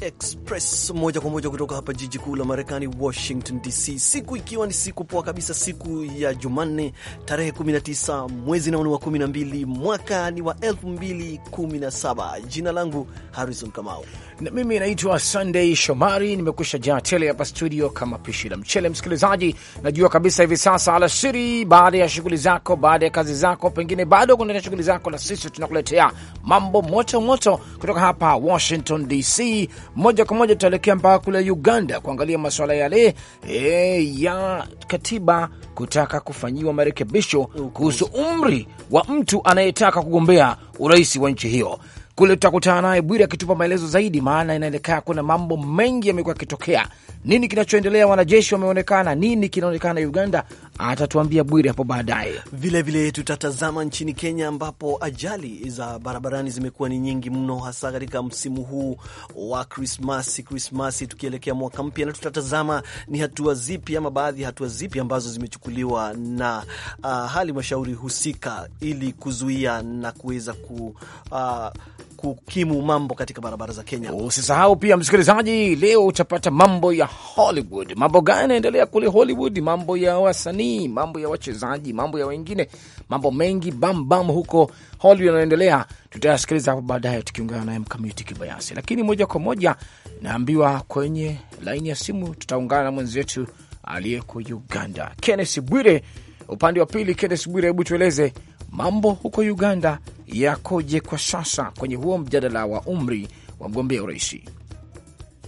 Express moja kwa moja kutoka hapa jiji kuu la Marekani, Washington DC, siku ikiwa ni siku poa kabisa, siku ya Jumanne tarehe 19 mwezi naoni wa 12 mwaka ni wa 2017. Jina langu Harrison Kamau na mimi naitwa Sunday Shomari, nimekusha jaa tele hapa studio kama pishi la mchele. Msikilizaji, najua kabisa hivi sasa alasiri, baada ya shughuli zako, baada ya kazi zako, pengine bado kuendelea shughuli zako, na sisi tunakuletea mambo moto moto kutoka hapa Washington DC moja kwa moja tutaelekea mpaka kule Uganda kuangalia masuala yale e, ya katiba kutaka kufanyiwa marekebisho kuhusu umri wa mtu anayetaka kugombea urais wa nchi hiyo. Kule tutakutana naye Bwiri akitupa maelezo zaidi, maana inaelekea kuna mambo mengi yamekuwa yakitokea. Nini kinachoendelea? Wanajeshi wameonekana, nini kinaonekana Uganda? atatuambia Bwiri hapo baadaye. Vilevile tutatazama nchini Kenya ambapo ajali za barabarani zimekuwa ni nyingi mno, hasa katika msimu huu wa Krismasi, Krismasi tukielekea mwaka mpya, na tutatazama ni hatua zipi ama baadhi ya hatua zipi ambazo zimechukuliwa na uh, ah, halmashauri husika ili kuzuia na kuweza ku uh, kukimu mambo katika barabara za Kenya. Usisahau pia msikilizaji, leo utapata mambo ya Hollywood. Mambo gani yanaendelea kule Hollywood? Mambo ya wasanii, mambo ya wachezaji, mambo ya wengine, mambo mengi bambam bam huko Hollywood yanaendelea, tutayasikiliza hapo baadaye tukiungana naye Mkamiti Kibayasi. Lakini moja kwa moja naambiwa kwenye laini ya simu tutaungana na mwenzetu aliyeko Uganda, Kennes Bwire. Upande wa pili, Kennes Bwire, hebu tueleze mambo huko Uganda yakoje kwa sasa kwenye huo mjadala wa umri wa mgombea urais?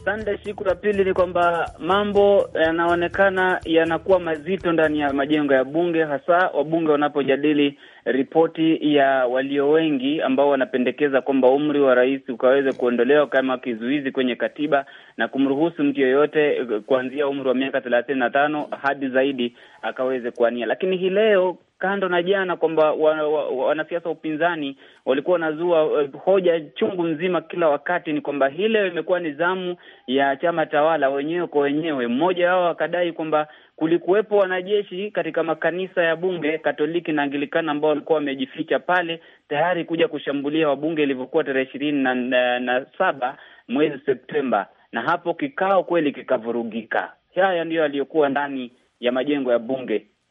Sande, siku la pili ni kwamba mambo yanaonekana yanakuwa mazito ndani ya majengo ya bunge, hasa wabunge wanapojadili ripoti ya walio wengi ambao wanapendekeza kwamba umri wa rais ukaweze kuondolewa kama kizuizi kwenye katiba na kumruhusu mtu yeyote kuanzia umri wa miaka thelathini na tano hadi zaidi akaweze kuania. Lakini hii leo kando na jana kwamba wanasiasa wa, wa, wa upinzani walikuwa wanazua uh, hoja chungu mzima kila wakati, ni kwamba hii leo imekuwa ni zamu ya chama tawala wenyewe kwa wenyewe. Mmoja wao akadai kwamba kulikuwepo wanajeshi katika makanisa ya bunge Katoliki na Anglikana ambao walikuwa wamejificha pale tayari kuja kushambulia wabunge ilivyokuwa tarehe ishirini na, na, na saba mwezi Septemba, na hapo kikao kweli kikavurugika. Haya ndiyo aliyokuwa ndani ya majengo ya bunge.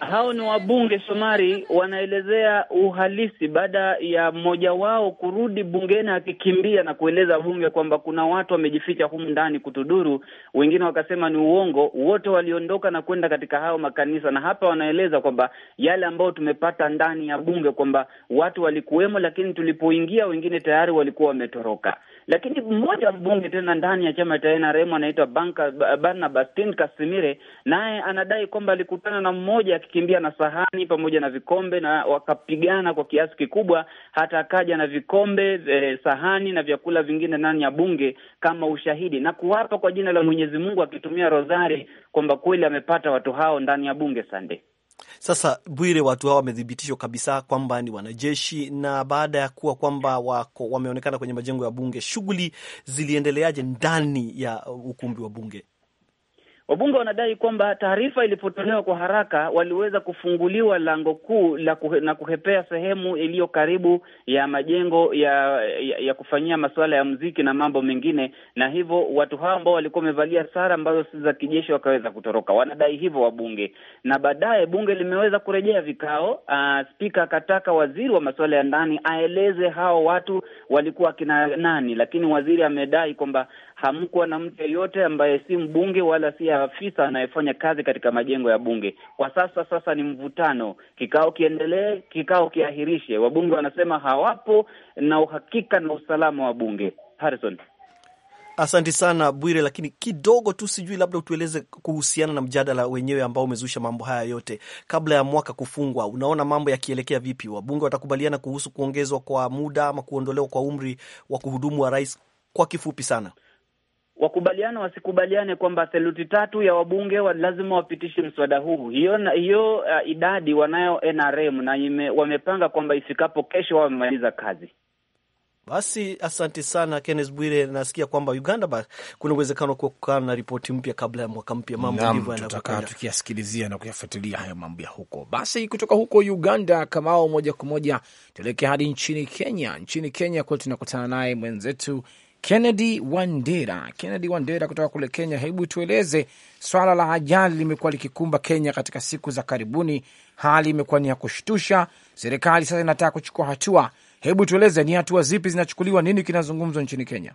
Hao ni wabunge Shomari, wanaelezea uhalisi baada ya mmoja wao kurudi bungeni akikimbia na kueleza bunge kwamba kuna watu wamejificha humu ndani kutuduru. Wengine wakasema ni uongo. Wote waliondoka na kwenda katika hayo makanisa, na hapa wanaeleza kwamba yale ambayo tumepata ndani ya bunge kwamba watu walikuwemo, lakini tulipoingia wengine tayari walikuwa wametoroka. Lakini mmoja mbunge tena ndani ya chama cha NRM anaitwa Barnabastin Kasimire, naye anadai kwamba alikutana na mmoja akikimbia na sahani pamoja na vikombe na wakapigana kwa kiasi kikubwa, hata akaja na vikombe eh, sahani na vyakula vingine ndani ya bunge kama ushahidi, na kuwapa kwa jina la Mwenyezi Mungu akitumia rozari kwamba kweli amepata watu hao ndani ya bunge. Sande. Sasa Bwire, watu hawa wamethibitishwa kabisa kwamba ni wanajeshi, na baada ya kuwa kwamba wako wameonekana kwenye majengo ya bunge, shughuli ziliendeleaje ndani ya ukumbi wa bunge? Wabunge wanadai kwamba taarifa ilipotolewa kwa haraka, waliweza kufunguliwa lango kuu la kuhe, na kuhepea sehemu iliyo karibu ya majengo ya, ya, ya kufanyia masuala ya muziki na mambo mengine, na hivyo watu hao ambao walikuwa wamevalia sare ambazo si za kijeshi wakaweza kutoroka. Wanadai hivyo wabunge, na baadaye bunge limeweza kurejea vikao. Uh, spika akataka waziri wa masuala ya ndani aeleze hao watu walikuwa akina nani, lakini waziri amedai kwamba hamkuwa na mtu yeyote ambaye si mbunge wala si afisa anayefanya kazi katika majengo ya bunge. Kwa sasa sasa ni mvutano, kikao kiendelee, kikao kiahirishe, wabunge wanasema hawapo na uhakika na usalama wa bunge. Harrison, asante sana Bwire, lakini kidogo tu, sijui labda utueleze kuhusiana na mjadala wenyewe ambao umezusha mambo haya yote. Kabla ya mwaka kufungwa, unaona mambo yakielekea vipi? Wabunge watakubaliana kuhusu kuongezwa kwa muda ama kuondolewa kwa umri wa kuhudumu wa rais? Kwa kifupi sana wakubaliane wasikubaliane kwamba theluthi tatu ya wabunge wa lazima wapitishe mswada huu. Hiyo hiyo uh, idadi wanayo NRM na ime, wamepanga kwamba ifikapo kesho wamemaliza kazi. Basi asante sana Kenneth Bwire, nasikia kwamba Uganda ba, kuna uwezekano kuwa kukaa na ripoti mpya kabla ya mwaka mpya. Mambo ndivyo tutakaa tukiyasikilizia na kuyafuatilia hayo mambo ya huko. Basi kutoka huko Uganda kamao moja kwa moja tuelekea hadi nchini Kenya. Nchini Kenya kule tunakutana naye mwenzetu Kennedy Wandera. Kennedy Wandera kutoka kule Kenya, hebu tueleze, swala la ajali limekuwa likikumba Kenya katika siku za karibuni, hali imekuwa ni ya kushtusha. Serikali sasa inataka kuchukua hatua. Hebu tueleze ni hatua zipi zinachukuliwa, nini kinazungumzwa nchini Kenya?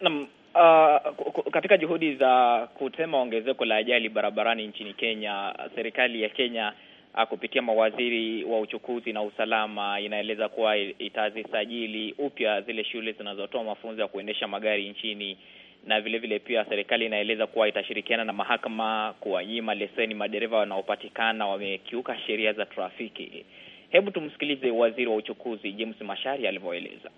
Naam. Uh, katika juhudi za kutema ongezeko la ajali barabarani nchini Kenya, serikali ya Kenya Ah, kupitia mawaziri wa uchukuzi na usalama inaeleza kuwa itazisajili upya zile shule zinazotoa mafunzo ya kuendesha magari nchini, na vile vile pia serikali inaeleza kuwa itashirikiana na mahakama kuwanyima leseni madereva wanaopatikana wamekiuka sheria za trafiki. Hebu tumsikilize waziri wa uchukuzi James mashari alivyoeleza.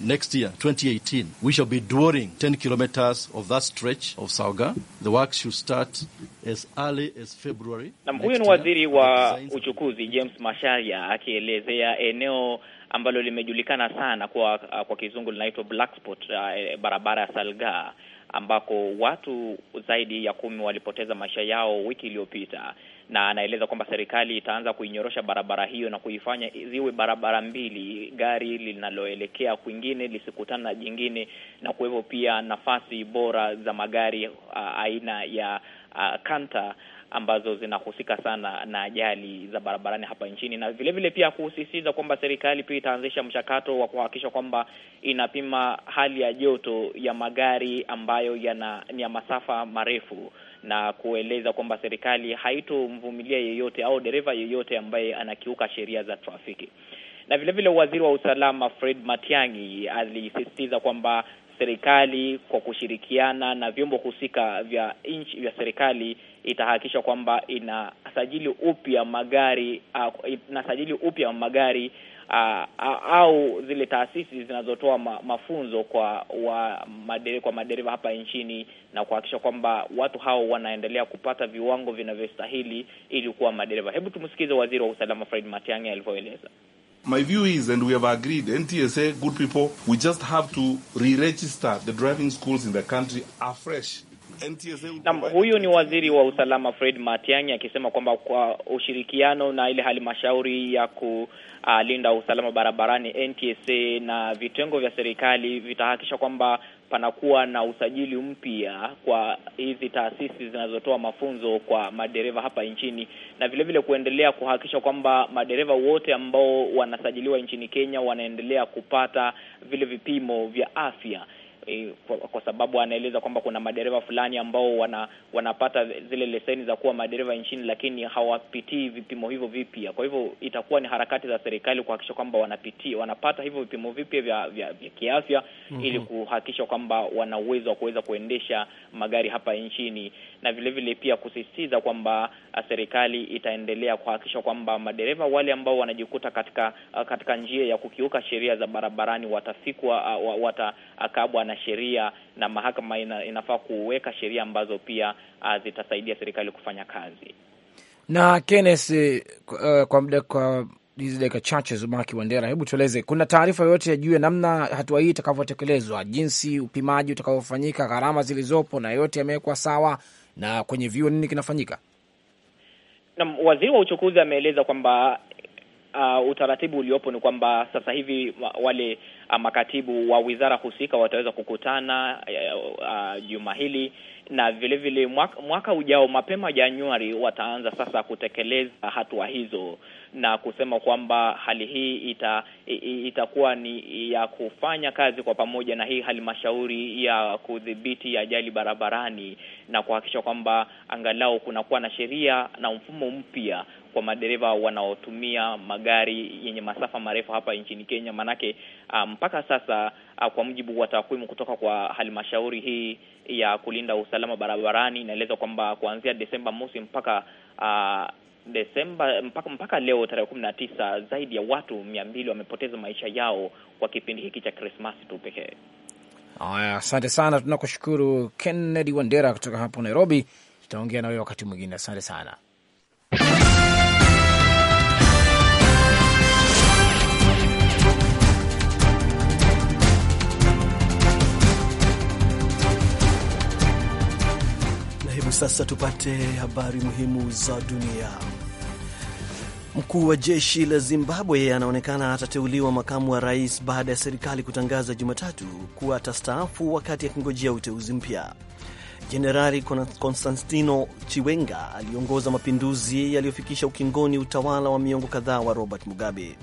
Next year, 2018, we shall be drawing 10 kilometers of that stretch of Sauga. The work should start as early as February. Na huyo ni waziri wa uchukuzi James Masharia akielezea eneo ambalo limejulikana sana kwa kwa kizungu linaitwa black spot, uh, barabara ya Salga ambako watu zaidi ya kumi walipoteza maisha yao wiki iliyopita na anaeleza kwamba serikali itaanza kuinyorosha barabara hiyo na kuifanya ziwe barabara mbili, gari linaloelekea kwingine lisikutana na jingine, na kuwepo pia nafasi bora za magari uh, aina ya uh, kanta ambazo zinahusika sana na ajali za barabarani hapa nchini, na vile vile pia kusisitiza kwamba serikali pia itaanzisha mchakato wa kuhakikisha kwamba inapima hali ya joto ya magari ambayo yana ni ya masafa marefu na kueleza kwamba serikali haitomvumilia yeyote au dereva yeyote ambaye anakiuka sheria za trafiki na vilevile, waziri wa usalama Fred Matiang'i alisisitiza kwamba serikali kwa kushirikiana na vyombo husika vya nchi vya serikali itahakikisha kwamba inasajili upya magari uh, inasajili upya magari uh, uh, au zile taasisi zinazotoa ma, mafunzo kwa wa madere, kwa madereva hapa nchini na kuhakikisha kwamba watu hao wanaendelea kupata viwango vinavyostahili ili kuwa madereva. Hebu tumsikize Waziri wa Usalama Fred Matiang'i alivyoeleza. My view is, and we have agreed, NTSA, good people, we just have to re-register the driving schools in the country afresh. Na huyu ni waziri wa usalama Fred Matiang'i akisema kwamba kwa ushirikiano na ile halmashauri ya kulinda usalama barabarani NTSA na vitengo vya serikali vitahakikisha kwamba panakuwa na usajili mpya kwa hizi taasisi zinazotoa mafunzo kwa madereva hapa nchini, na vile vile kuendelea kuhakikisha kwamba madereva wote ambao wanasajiliwa nchini Kenya wanaendelea kupata vile vipimo vya afya e, kwa, kwa sababu anaeleza kwamba kuna madereva fulani ambao wana, wanapata zile leseni za kuwa madereva nchini, lakini hawapitii vipimo hivyo vipya. Kwa hivyo itakuwa ni harakati za serikali kuhakikisha kwamba wanapitia, wanapata hivyo vipimo vipya vya, vya, vya kiafya mm -hmm. ili mhm. kuhakikisha kwamba wana uwezo wa kuweza kuendesha magari hapa nchini na vile vile pia kusisitiza kwamba uh, serikali itaendelea kuhakikisha kwamba madereva wale ambao wanajikuta katika uh, katika njia ya kukiuka sheria za barabarani watafikwa, uh, watakabwa na sheria, na mahakama ina, inafaa kuweka sheria ambazo pia zitasaidia serikali kufanya kazi. Na Kenneth, uh, kwa muda kwa hizi dakika chache zubaki, Wandera, hebu tueleze, kuna taarifa yoyote ya juu ya namna hatua hii itakavyotekelezwa, jinsi upimaji utakavyofanyika, gharama zilizopo, na yote yamewekwa sawa na kwenye vyuo nini kinafanyika? Na waziri wa uchukuzi ameeleza kwamba uh, utaratibu uliopo ni kwamba sasa hivi wale uh, makatibu wa wizara husika wataweza kukutana juma uh, uh, hili na vile vile mwaka, mwaka ujao mapema Januari wataanza sasa kutekeleza hatua hizo na kusema kwamba hali hii ita, itakuwa ni ya kufanya kazi kwa pamoja na hii halmashauri ya kudhibiti ajali barabarani na kuhakikisha kwamba angalau kunakuwa na sheria na mfumo mpya kwa madereva wanaotumia magari yenye masafa marefu hapa nchini Kenya, maanake ah, mpaka um, sasa uh, kwa mujibu wa takwimu kutoka kwa halmashauri hii ya kulinda usalama barabarani inaeleza kwamba kuanzia Desemba mosi mpaka uh, Desemba mpaka, mpaka leo tarehe kumi na tisa zaidi ya watu mia mbili wamepoteza maisha yao kwa kipindi hiki cha Krismasi tu pekee. Haya, asante sana, tunakushukuru Kennedy Wandera kutoka hapo Nairobi. Tutaongea na wewe wakati mwingine, asante sana. sasa tupate habari muhimu za dunia. Mkuu wa jeshi la Zimbabwe anaonekana atateuliwa makamu wa rais baada ya serikali kutangaza Jumatatu kuwa atastaafu wakati akingojea uteuzi mpya. Jenerali Konstantino Chiwenga aliongoza mapinduzi yaliyofikisha ukingoni utawala wa miongo kadhaa wa Robert Mugabe.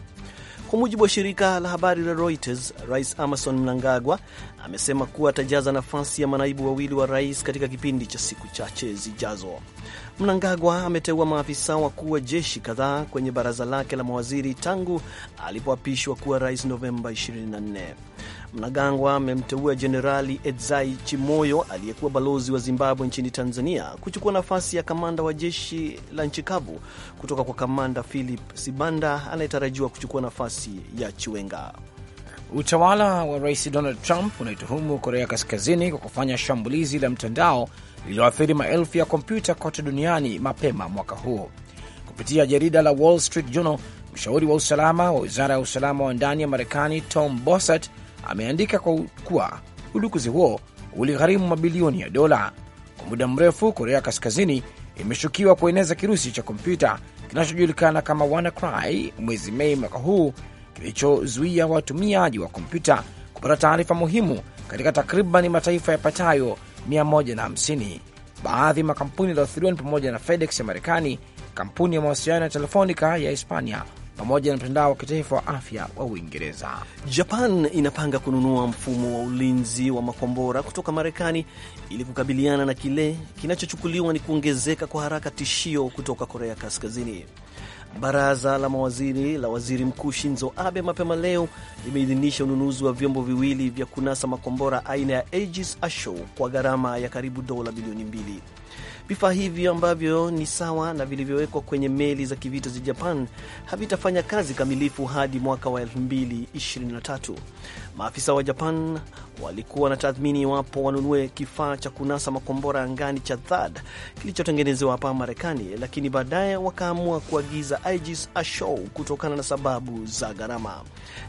Kwa mujibu wa shirika la habari la Reuters, Rais Emmerson Mnangagwa amesema kuwa atajaza nafasi ya manaibu wawili wa rais katika kipindi cha siku chache zijazo. Mnangagwa ameteua maafisa wakuu wa jeshi kadhaa kwenye baraza lake la mawaziri tangu alipoapishwa kuwa rais Novemba 24. Mnagangwa amemteua Jenerali Edzai Chimoyo aliyekuwa balozi wa Zimbabwe nchini Tanzania kuchukua nafasi ya kamanda wa jeshi la nchi kavu kutoka kwa kamanda Philip Sibanda anayetarajiwa kuchukua nafasi ya Chiwenga. Utawala wa Rais Donald Trump unaituhumu Korea Kaskazini kwa kufanya shambulizi la mtandao lililoathiri maelfu ya kompyuta kote duniani mapema mwaka huo. Kupitia jarida la Wall Street Journal, mshauri wa usalama wa wizara ya usalama wa ndani ya Marekani Tom Bossert ameandika kwa kuwa udukuzi huo uligharimu mabilioni ya dola. Kwa muda mrefu, Korea Kaskazini imeshukiwa kueneza kirusi cha kompyuta kinachojulikana kama WannaCry mwezi Mei mwaka huu, kilichozuia watumiaji wa kompyuta kupata taarifa muhimu katika takriban mataifa yapatayo 150. Baadhi ya makampuni yaliyoathiriwa ni pamoja na FedEx ya Marekani, kampuni ya mawasiliano ya Telefonica ya Hispania pamoja na mtandao wa kitaifa wa afya wa Uingereza. Japan inapanga kununua mfumo wa ulinzi wa makombora kutoka Marekani ili kukabiliana na kile kinachochukuliwa ni kuongezeka kwa haraka tishio kutoka Korea Kaskazini. Baraza la mawaziri la waziri mkuu Shinzo Abe mapema leo limeidhinisha ununuzi wa vyombo viwili vya kunasa makombora aina ya Aegis Ashore kwa gharama ya karibu dola bilioni mbili. Vifaa hivyo ambavyo ni sawa na vilivyowekwa kwenye meli za kivita za Japan havitafanya kazi kamilifu hadi mwaka wa 2023. Maafisa wa Japan walikuwa tathmini iwapo wanunue kifaa cha kunasa makombora angani cha THAAD kilichotengenezewa hapa Marekani, lakini baadaye wakaamua kuagiza Aegis Ashore kutokana na sababu za gharama.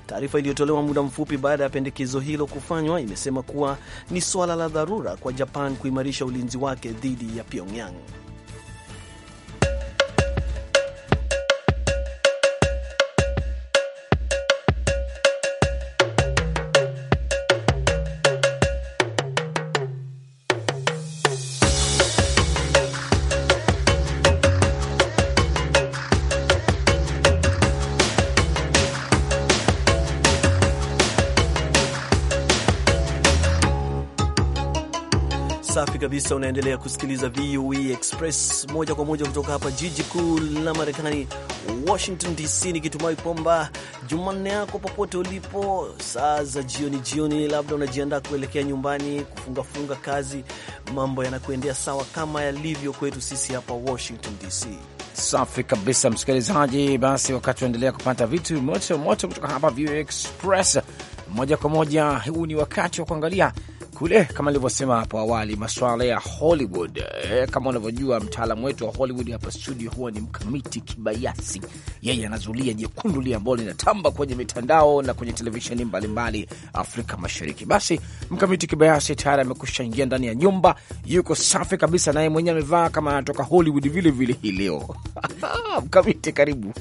Taarifa iliyotolewa muda mfupi baada ya pendekezo hilo kufanywa imesema kuwa ni suala la dharura kwa Japan kuimarisha ulinzi wake dhidi ya Pyongyang. kabisa, unaendelea kusikiliza VOA e Express moja kwa moja kutoka hapa jiji kuu la Marekani, Washington DC, nikitumai kwamba Jumanne yako popote ulipo, saa za jioni jioni, labda unajiandaa kuelekea nyumbani, kufungafunga kazi, mambo yanakuendea sawa kama yalivyo kwetu sisi hapa Washington DC. Safi kabisa, msikilizaji. Basi wakati unaendelea kupata vitu moto moto kutoka hapa VOA e Express moja kwa moja, huu ni wakati wa kuangalia kule kama alivyosema hapo awali, masuala ya Hollywood e, kama unavyojua mtaalamu wetu wa Hollywood hapa studio huwa ni mkamiti Kibayasi. Yeye anazulia jekundu lile ambalo linatamba kwenye mitandao na kwenye televisheni mbalimbali Afrika Mashariki. Basi mkamiti Kibayasi tayari amekusha ingia ndani ya nyumba, yuko safi kabisa, naye mwenyewe amevaa kama anatoka Hollywood vilevile hii leo. Mkamiti, karibu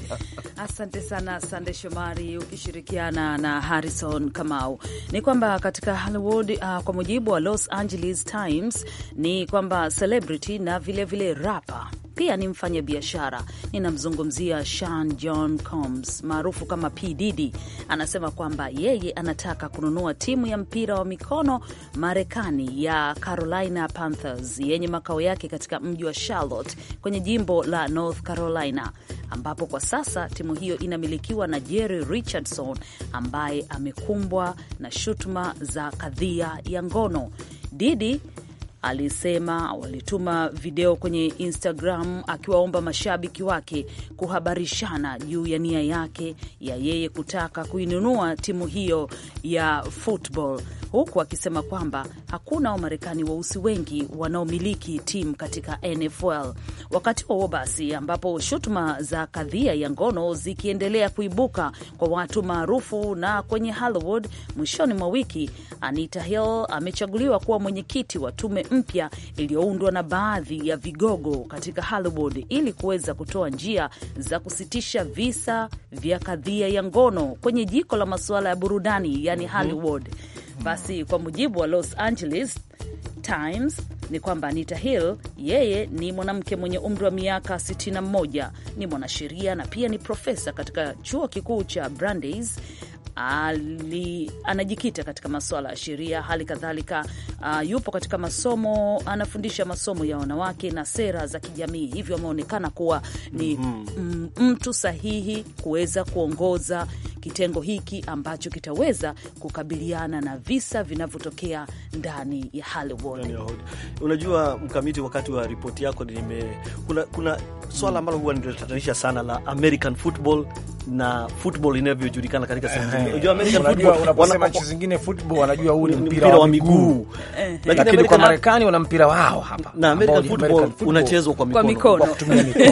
Asante sana Sande Shomari ukishirikiana na Harrison Kamau. Ni kwamba katika Hollywood uh, kwa mujibu wa Los Angeles Times ni kwamba celebrity na vilevile rapa pia ni mfanya biashara. Ninamzungumzia Sean John Combs maarufu kama P Diddy. Anasema kwamba yeye anataka kununua timu ya mpira wa mikono Marekani ya Carolina Panthers yenye makao yake katika mji wa Charlotte kwenye jimbo la North Carolina, ambapo kwa sasa timu hiyo inamilikiwa na Jerry Richardson ambaye amekumbwa na shutuma za kadhia ya ngono. Didi alisema walituma video kwenye Instagram akiwaomba mashabiki wake kuhabarishana juu ya nia yake ya yeye kutaka kuinunua timu hiyo ya football, huku akisema kwamba hakuna Wamarekani weusi wa wengi wanaomiliki timu katika NFL. Wakati huo basi, ambapo shutuma za kadhia ya ngono zikiendelea kuibuka kwa watu maarufu na kwenye Hollywood, mwishoni mwa wiki Anita Hill amechaguliwa kuwa mwenyekiti wa tume mpya iliyoundwa na baadhi ya vigogo katika Hollywood ili kuweza kutoa njia za kusitisha visa vya kadhia ya ngono kwenye jiko la masuala ya burudani, yani mhm. Hollywood. Basi kwa mujibu wa Los Angeles Times ni kwamba Anita Hill yeye ni mwanamke mwenye umri wa miaka 61, ni mwanasheria na pia ni profesa katika chuo kikuu cha Brandeis ali, anajikita katika masuala ya sheria, hali kadhalika uh, yupo katika masomo, anafundisha masomo ya wanawake na sera za kijamii, hivyo ameonekana kuwa ni mm -hmm. mtu sahihi kuweza kuongoza kitengo hiki ambacho kitaweza kukabiliana na visa vinavyotokea ndani ya Hollywood. Unajua mkamiti, wakati wa ripoti yako nime, kuna, kuna swala mm. ambalo huwa nilitatanisha sana la American football na football inavyojulikana katika sehemu Eh. unaposema nchi zingine football wanajua huu ni mpira wa miguu, eh. lakini kwa Marekani wana mpira wao hapa, na American football unachezwa kwa mikono,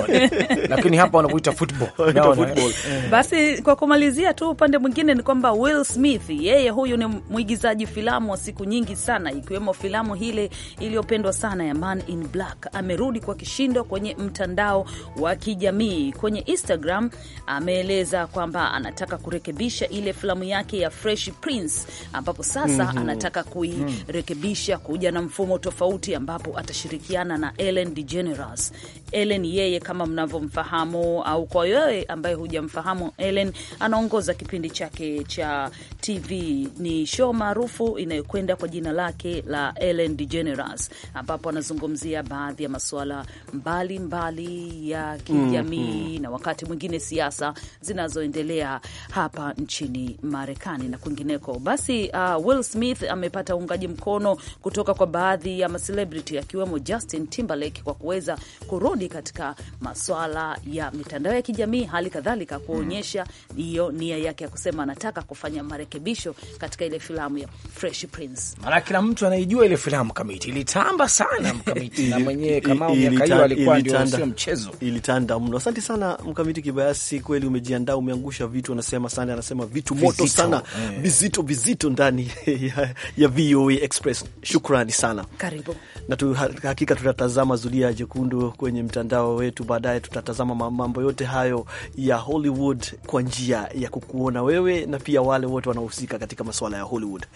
lakini hapa wanakuita football. Eh. Basi kwa kumalizia tu, upande mwingine ni kwamba Will Smith, yeye huyu ni mwigizaji filamu wa siku nyingi sana, ikiwemo filamu hile iliyopendwa sana ya Man in Black. Amerudi kwa kishindo kwenye mtandao wa kijamii kwenye Instagram, ameeleza kwamba anataka kurekebisha ile filamu filamu yake ya Fresh Prince, ambapo sasa mm -hmm. anataka kuirekebisha mhm. kuja na mfumo tofauti, ambapo atashirikiana na Ellen DeGeneres. Ellen yeye kama mnavyomfahamu, au kwa wewe ambaye hujamfahamu, Ellen anaongoza kipindi chake cha TV, ni show maarufu inayokwenda kwa jina lake la Ellen DeGeneres, ambapo anazungumzia baadhi ya masuala mbalimbali ya kijamii mm -hmm. na wakati mwingine siasa zinazoendelea hapa nchini Marekani na kwingineko. Basi uh, Will Smith amepata uungaji mkono kutoka kwa baadhi ya macelebrity akiwemo Justin Timberlake kwa kuweza kurudi katika maswala ya mitandao ya kijamii, hali kadhalika kuonyesha hiyo nia yake ya kusema anataka kufanya marekebisho katika ile filamu ya Fresh Prince. Maana kila mtu anaijua ile filamu kamiti, ilitamba sana mkamiti na mwenyewe kama miaka hiyo alikuwa ndio sio mchezo, ilitanda mno. Asante sana mkamiti kibayasi, kweli umejiandaa, umeangusha vitu, anasema sana, anasema vitu moto vizito, sana eh. vizito yeah. vizito ndani ya, ya VOA Express. Shukrani sana, karibu na tu, hakika tutatazama zulia jekundu kwenye mtandao wetu baadaye. Tutatazama mambo yote hayo ya Hollywood kwa njia ya kukuona wewe na pia wale wote wanaohusika katika masuala ya Hollywood.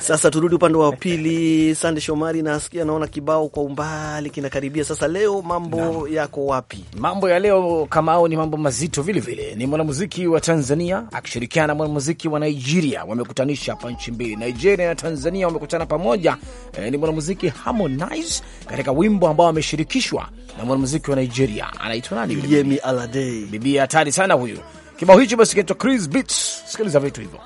Sasa turudi upande wa pili. Sande Shomari, nasikia naona kibao kwa umbali kinakaribia. Sasa leo mambo na, yako wapi? Mambo ya leo kama au ni mambo mazito vilevile, vile. ni mwanamuziki wa Tanzania akishirikiana na mwanamuziki wa Nigeria wamekutanisha hapa nchi mbili, Nigeria na Tanzania wamekutana pamoja. E, ni mwanamuziki Harmonize katika wimbo ambao ameshirikishwa na mwanamuziki wa Nigeria anaitwa nani? Yemi Alade. Bibi hatari sana huyu. Kibao hicho basi kinaitwa Chris Beats. Sikiliza vitu hivyo.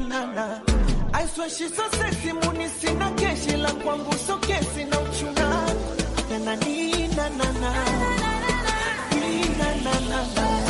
banana. I swear she's so sexy, muni sina keshi la kwangu so kesi na uchuna. Na na ni na na na. Ni na na na na.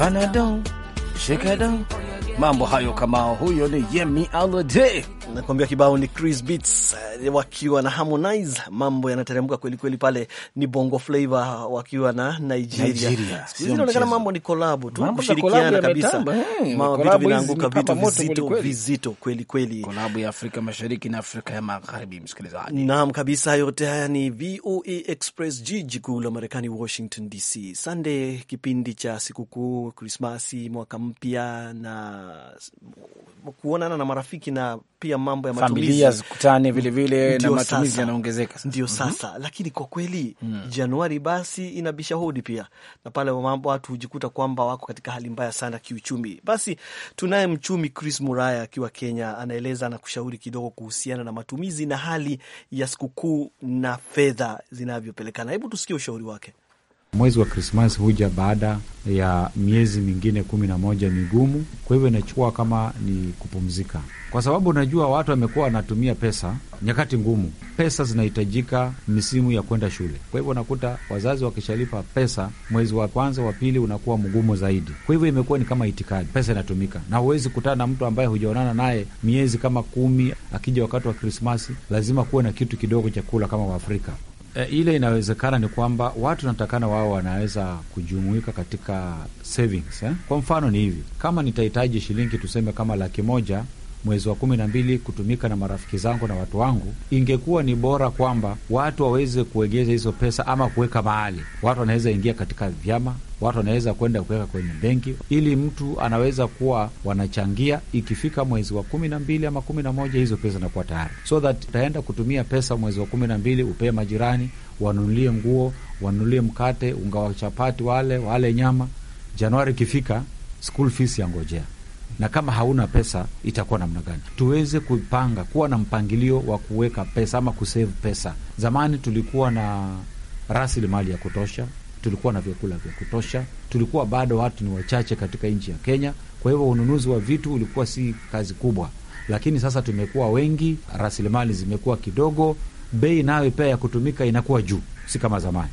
Panado, shikado, mambo hayo kamao. Huyo ni Yemi Alade nakuambia kibao ni Chris Beats eh, wakiwa na Harmonize. Mambo yanateremka kweli kweli, pale ni Bongo Flavor wakiwa na Nigeria. Inaonekana mambo ni kolabo tu, kushirikiana kabisa, eh, vitu vinaanguka, vitu vizito vizito kweli kweli, kolabo ya Afrika Mashariki na Afrika ya Magharibi. Msikilizaji, naam kabisa, yote haya ni VOA e Express, jiji kuu la Marekani, Washington DC. Sunday, kipindi cha sikukuu, Krismasi, mwaka mpya na kuonana na marafiki na pia mambo ya matumizi, familia zikutane mm. vile vile na matumizi yanaongezeka sasa, ndio mhm. sasa mm -hmm. Lakini kwa kweli mm Januari basi inabisha hodi pia, na pale mambo watu hujikuta kwamba wako katika hali mbaya sana kiuchumi. Basi tunaye mchumi Chris Muraya akiwa Kenya, anaeleza na kushauri kidogo kuhusiana na matumizi na hali ya sikukuu na fedha zinavyopelekana. Hebu tusikie ushauri wake. Mwezi wa Krismasi huja baada ya miezi mingine kumi na moja migumu, kwa hivyo inachukua kama ni kupumzika, kwa sababu unajua watu wamekuwa wanatumia pesa nyakati ngumu. Pesa zinahitajika misimu ya kwenda shule, kwa hivyo unakuta wazazi wakishalipa pesa, mwezi wa kwanza wa pili unakuwa mgumu zaidi. Kwa hivyo imekuwa ni kama itikadi, pesa inatumika, na huwezi kutana na mtu ambaye hujaonana naye miezi kama kumi. Akija wakati wa Krismasi lazima kuwe na kitu kidogo cha kula kama Waafrika. E, ile inawezekana ni kwamba watu natakana wao wanaweza kujumuika katika savings eh? Kwa mfano ni hivi, kama nitahitaji shilingi tuseme kama laki moja mwezi wa kumi na mbili kutumika na marafiki zangu na watu wangu, ingekuwa ni bora kwamba watu waweze kuegeza hizo pesa ama kuweka mahali. Watu wanaweza ingia katika vyama, watu wanaweza kwenda kuweka kwenye benki, ili mtu anaweza kuwa wanachangia. Ikifika mwezi wa kumi na mbili ama kumi na moja hizo pesa zinakuwa tayari, so that utaenda kutumia pesa mwezi wa kumi na mbili upee majirani, wanunulie nguo, wanunulie mkate, unga wa chapati, wale wale nyama. Januari ikifika, school fees yangojea na kama hauna pesa itakuwa namna gani? Tuweze kupanga, kuwa na mpangilio wa kuweka pesa ama kusave pesa. Zamani tulikuwa na rasilimali ya kutosha, tulikuwa na vyakula vya kutosha, tulikuwa bado watu ni wachache katika nchi ya Kenya, kwa hivyo ununuzi wa vitu ulikuwa si kazi kubwa, lakini sasa tumekuwa wengi, rasilimali zimekuwa kidogo, bei nayo pia ya kutumika inakuwa juu, si kama zamani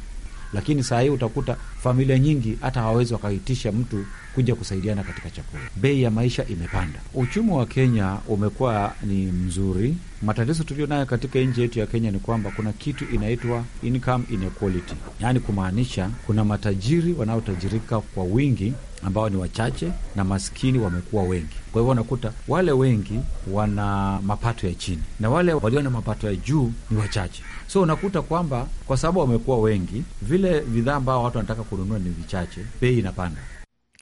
lakini saa hii utakuta familia nyingi hata hawawezi wakaitisha mtu kuja kusaidiana katika chakula. Bei ya maisha imepanda. Uchumi wa Kenya umekuwa ni mzuri. Matatizo tulio nayo katika nchi yetu ya Kenya ni kwamba kuna kitu inaitwa income inequality, yaani kumaanisha kuna matajiri wanaotajirika kwa wingi ambao ni wachache na maskini wamekuwa wengi. Kwa hivyo unakuta wale wengi wana mapato ya chini na wale walio na mapato ya juu ni wachache. So unakuta kwamba kwa sababu wamekuwa wengi, vile bidhaa ambao watu wanataka kununua ni vichache, bei inapanda.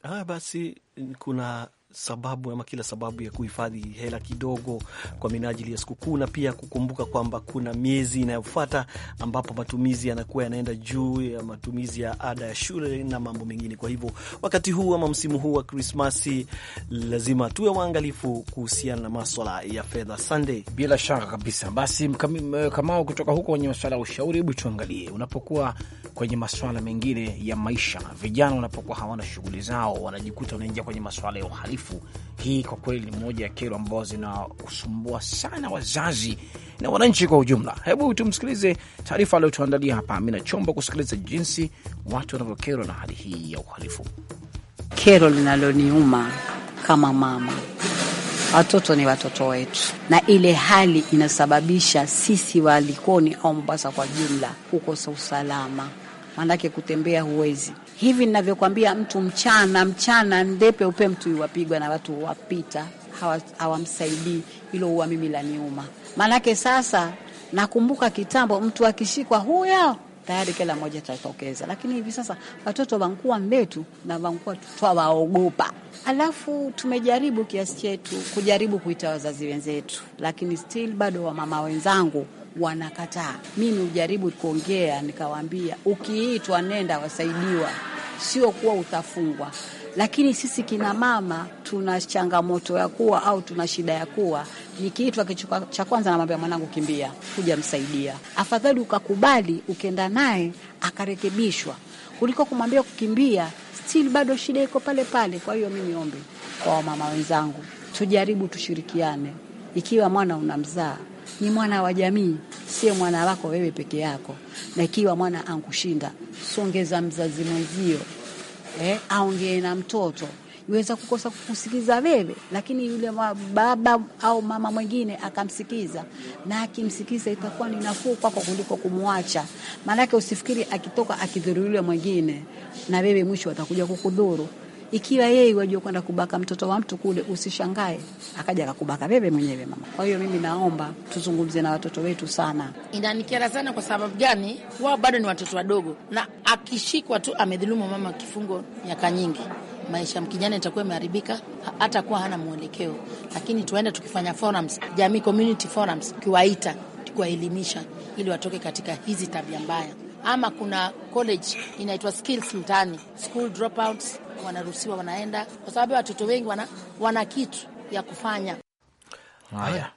Haya ah, basi, kuna sababu ama kila sababu ya kuhifadhi hela kidogo kwa minajili ya sikukuu, na pia kukumbuka kwamba kuna miezi inayofuata ambapo matumizi yanakuwa yanaenda juu ya matumizi ya ada ya shule na mambo mengine. Kwa hivyo wakati huu ama msimu huu wa Krismasi lazima tuwe waangalifu kuhusiana na maswala ya fedha. Sunday, bila shaka kabisa. Basi Kamao, kutoka huko kwenye maswala ya ushauri, hebu tuangalie unapokuwa kwenye maswala mengine ya maisha, vijana wanapokuwa hawana shughuli zao, wanajikuta wanaingia kwenye maswala ya uhalifu mrefu. Hii kwa kweli ni moja ya kero ambazo zinasumbua sana wazazi na wananchi kwa ujumla. Hebu tumsikilize taarifa aliyotuandalia hapa Amina Chombo, kusikiliza jinsi watu wanavyokerwa na hali hii ya uhalifu. Kero linaloniuma kama mama, watoto ni watoto wetu, na ile hali inasababisha sisi Walikoni au Mombasa kwa jumla kukosa usalama manake kutembea huwezi. Hivi ninavyokwambia, mtu mchana mchana ndepe upe mtu iwapigwa na watu wapita hawamsaidii, hawa hilo huwa mimi la niuma, maanake sasa nakumbuka kitambo mtu akishikwa huyo tayari kila mmoja tatokeza, lakini hivi sasa watoto wankua mbetu na wankua twawaogopa. Alafu tumejaribu kiasi chetu kujaribu kuita wazazi wenzetu, lakini still bado wamama wenzangu wanakataa. Mimi ujaribu kuongea, nikawaambia ukiitwa nenda, wasaidiwa, sio kuwa utafungwa. Lakini sisi kina mama tuna changamoto ya kuwa au tuna shida ya kuwa, nikiitwa kitu cha kwanza namwambia mwanangu, kimbia, kuja msaidia. Afadhali ukakubali ukenda naye akarekebishwa kuliko kumwambia kukimbia, still bado shida iko pale pale. Kwa hiyo mimi ombi kwa wamama wenzangu, tujaribu tushirikiane, ikiwa mwana unamzaa ni mwana wa jamii, sio mwana wako wewe peke yako. Na ikiwa mwana ankushinda, songeza mzazi mwenzio, eh, aongee na mtoto iweza kukosa kukusikiza wewe, lakini yule baba au mama mwingine akamsikiza, na akimsikiza itakuwa ni nafuu kwako kuliko kumwacha. Maanake usifikiri akitoka akidhuru yule mwingine, na wewe mwisho atakuja kukudhuru. Ikiwa yeye wajua kwenda kubaka mtoto wa mtu kule, usishangae akaja akakubaka wewe mwenyewe mama. Kwa hiyo mimi naomba tuzungumze na watoto wetu sana. Inanikera sana. Kwa sababu gani? Wao bado ni watoto wadogo, na akishikwa tu amedhulumu mama kifungo miaka nyingi maisha mkijana itakuwa imeharibika, hata kuwa hana mwelekeo. Lakini tuende tukifanya forums, jamii community forums, ukiwaita kuwaelimisha, ili watoke katika hizi tabia mbaya ama kuna college inaitwa skills mtaani, school dropouts wanaruhusiwa wanaenda, kwa sababu watoto wengi wana, wana kitu ya kufanya haya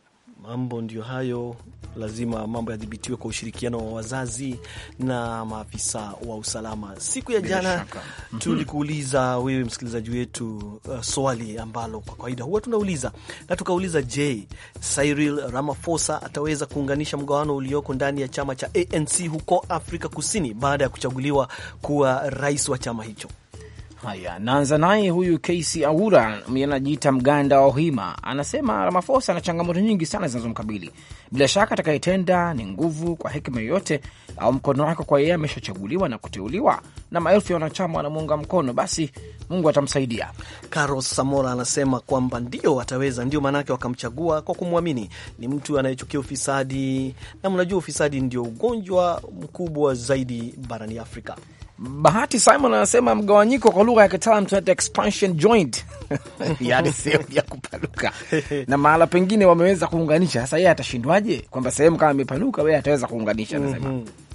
mambo ndio hayo, lazima mambo yadhibitiwe kwa ushirikiano wa wazazi na maafisa wa usalama. Siku ya jana mhm. tulikuuliza wewe msikilizaji wetu uh, swali ambalo kwa kawaida huwa tunauliza na tukauliza, je, Cyril Ramaphosa ataweza kuunganisha mgawano ulioko ndani ya chama cha ANC huko Afrika Kusini baada ya kuchaguliwa kuwa rais wa chama hicho? Haya, naanza naye huyu kasi Aura, anajiita mganda wa Ohima, anasema ramafosa ana changamoto nyingi sana zinazomkabili. Bila shaka atakayetenda ni nguvu kwa hekima yoyote au mkono wake kwa yeye ameshachaguliwa na kuteuliwa na maelfu ya wanachama wanamuunga mkono, basi Mungu atamsaidia. Carlos Samora anasema kwamba ndio ataweza, ndio maanake wakamchagua kwa kumwamini. Ni mtu anayechukia ufisadi, na mnajua ufisadi ndio ugonjwa mkubwa zaidi barani Afrika. Bahati Simon anasema mgawanyiko kwa lugha ya kitaalam tunaita expansion joint yani sehemu ya kupanuka na mahala pengine wameweza kuunganisha. Sasa yeye atashindwaje? Kwamba sehemu kama imepanuka, wee ataweza kuunganisha, anasema mm -hmm.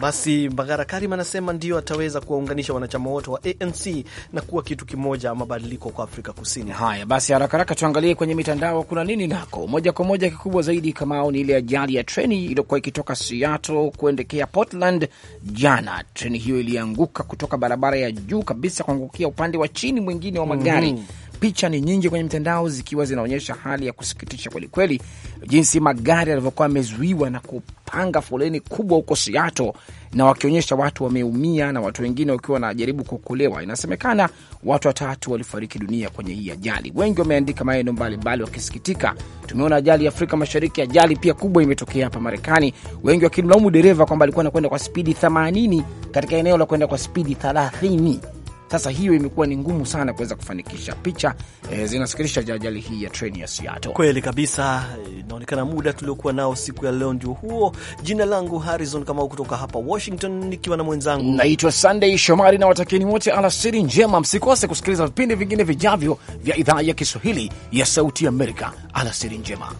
Basi Mbagara Karim anasema ndio ataweza kuwaunganisha wanachama wote wa ANC na kuwa kitu kimoja, mabadiliko kwa Afrika Kusini. Haya basi, haraka haraka tuangalie kwenye mitandao kuna nini nako moja kwa moja. Kikubwa zaidi kamao ni ile ajali ya treni iliyokuwa ikitoka Seattle kuendekea Portland jana. Treni hiyo ilianguka kutoka barabara ya juu kabisa kuangukia upande wa chini mwingine wa magari mm -hmm. Picha ni nyingi kwenye mitandao zikiwa zinaonyesha hali ya kusikitisha kwelikweli, jinsi magari yalivyokuwa yamezuiwa na kupanga foleni kubwa huko Seattle, na wakionyesha watu wameumia na watu wengine wakiwa wanajaribu kuokolewa. Inasemekana watu watatu walifariki dunia kwenye hii ajali. Wengi wameandika maeneo mbalimbali wakisikitika. Tumeona ajali Afrika Mashariki, ajali pia kubwa imetokea hapa Marekani, wengi wakimlaumu dereva kwamba alikuwa anakwenda kwa spidi 80 katika eneo la kwenda kwa spidi 30. Sasa hiyo imekuwa ni ngumu sana kuweza kufanikisha. Picha e, eh, zinasikirisha ajali hii ya treni ya Seattle. Kweli kabisa, inaonekana muda tuliokuwa nao siku ya leo ndio huo. Jina langu Harrison Kamau kutoka hapa Washington, nikiwa na mwenzangu naitwa Sunday Shomari, na watakieni wote alasiri njema. Msikose kusikiliza vipindi vingine vijavyo vya idhaa ya Kiswahili ya Sauti Amerika. Alasiri njema.